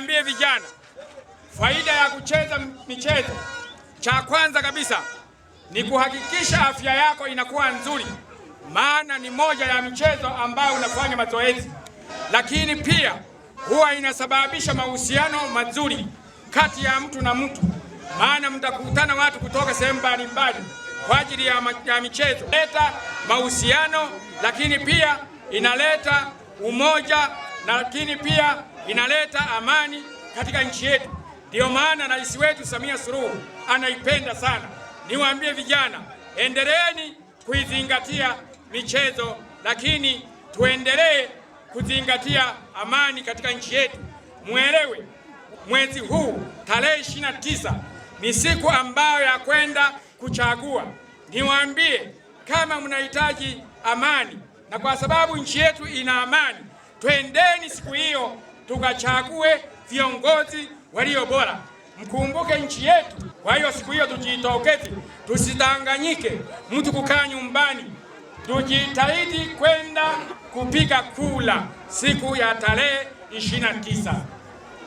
niwaambie vijana, faida ya kucheza michezo, cha kwanza kabisa ni kuhakikisha afya yako inakuwa nzuri, maana ni moja ya michezo ambayo unafanya mazoezi, lakini pia huwa inasababisha mahusiano mazuri kati ya mtu na mtu, maana mtakutana watu kutoka sehemu mbalimbali kwa ajili ya, ya michezo leta mahusiano, lakini pia inaleta umoja, lakini pia inaleta amani katika nchi yetu. Ndiyo maana rais wetu Samia Suluhu anaipenda sana. Niwaambie vijana, endeleeni kuizingatia michezo, lakini tuendelee kuzingatia amani katika nchi yetu. Mwelewe mwezi huu tarehe ishirini na tisa ni siku ambayo ya kwenda kuchagua. Niwaambie kama mnahitaji amani, na kwa sababu nchi yetu ina amani, twendeni siku hiyo tukachague viongozi walio bora. Mkumbuke nchi yetu. Kwa hiyo siku hiyo tujitokeze, tusidanganyike mtu kukaa nyumbani, tujitahidi kwenda kupiga kula siku ya tarehe 29.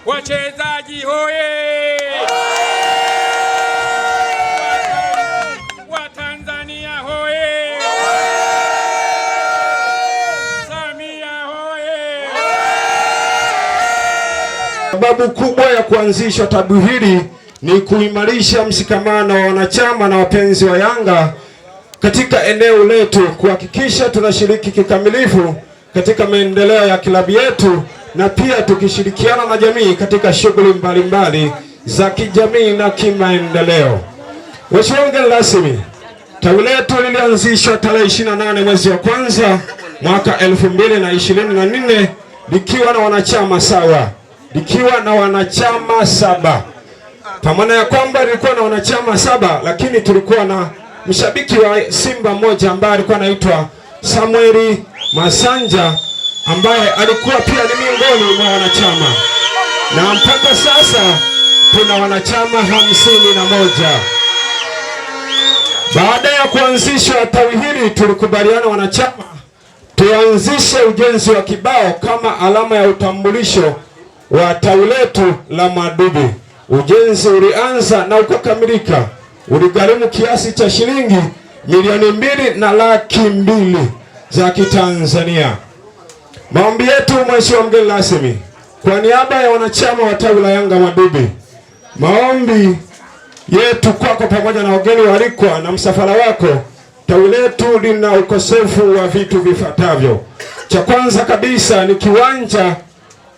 Wachezaji hoye! Sababu kubwa ya kuanzishwa tabu hili ni kuimarisha mshikamano wa wanachama na wapenzi wa Yanga katika eneo letu, kuhakikisha tunashiriki kikamilifu katika maendeleo ya klabu yetu, na pia tukishirikiana na jamii katika shughuli mbalimbali za kijamii na kimaendeleo. Mheshimiwa mgeni rasmi, tawi letu lilianzishwa tarehe 28 mwezi wa kwanza mwaka 2024 likiwa na wanachama sawa likiwa na wanachama saba. Kwa maana ya kwamba lilikuwa na wanachama saba, lakini tulikuwa na mshabiki wa Simba mmoja ambaye alikuwa anaitwa Samueli Masanja ambaye alikuwa pia ni miongoni mwa wanachama, na mpaka sasa tuna wanachama hamsini na moja. Baada ya kuanzishwa tawi hili, tulikubaliana wanachama tuanzishe ujenzi wa kibao kama alama ya utambulisho wa tawi letu la madubi Ujenzi ulianza na ukakamilika, uligharimu kiasi cha shilingi milioni mbili na laki mbili za Kitanzania. Maombi yetu Mheshimiwa mgeni rasmi, kwa niaba ya wanachama wa tawi la Yanga madubi maombi yetu kwako pamoja na wageni walikwa na msafara wako. Tawi letu lina ukosefu wa vitu vifuatavyo. Cha kwanza kabisa ni kiwanja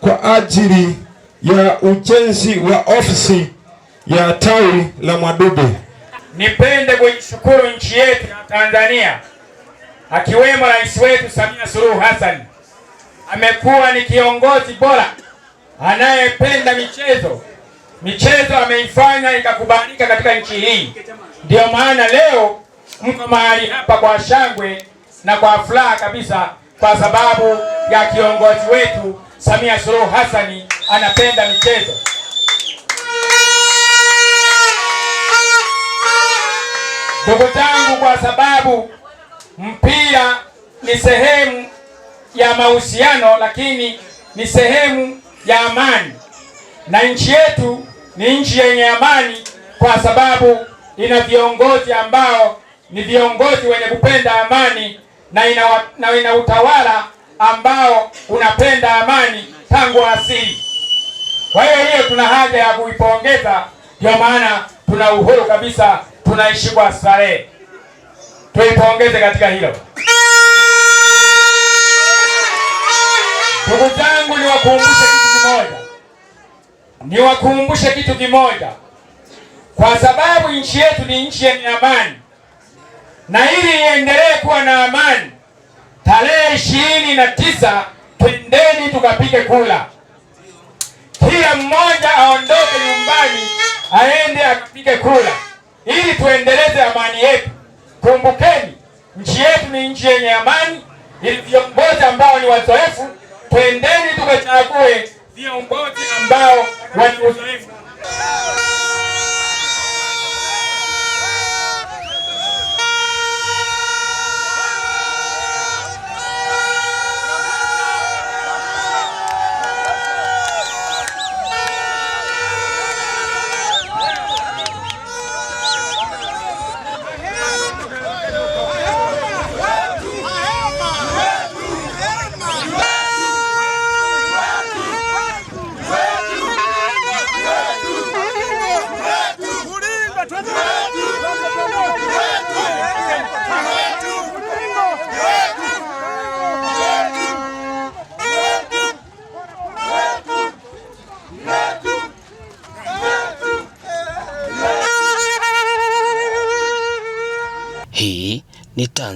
kwa ajili ya ujenzi wa ofisi ya tawi la Mwadube. Nipende kuishukuru nchi yetu ya Tanzania, akiwemo rais wetu Samia Suluhu Hassan. Amekuwa ni kiongozi bora anayependa michezo. Michezo ameifanya ikakubalika katika nchi hii, ndiyo maana leo mko mahali hapa kwa shangwe na kwa furaha kabisa, kwa sababu ya kiongozi wetu Samia Suluhu Hassan anapenda michezo. Ndugu zangu, kwa sababu mpira ni sehemu ya mahusiano, lakini ni sehemu ya amani, na nchi yetu ni nchi yenye amani kwa sababu ina viongozi ambao ni viongozi wenye kupenda amani na ina, na ina utawala ambao unapenda amani tangu asili. Kwa hiyo hiyo tuna haja ya kuipongeza, ndio maana tuna uhuru kabisa, tunaishi kwa starehe. Tuipongeze katika hilo. Ndugu zangu, niwakumbushe kitu kimoja, niwakumbushe kitu kimoja, kwa sababu nchi yetu ni nchi yenye amani, na ili iendelee kuwa na amani tarehe ishirini na tisa twendeni tukapige kula, kila mmoja aondoke nyumbani aende akapige kula ili tuendeleze amani yetu. Kumbukeni, nchi yetu ni nchi yenye amani, ili viongozi ambao ni wazoefu, twendeni tukachague viongozi ambao wana uzoefu.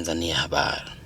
Tanzania Habari.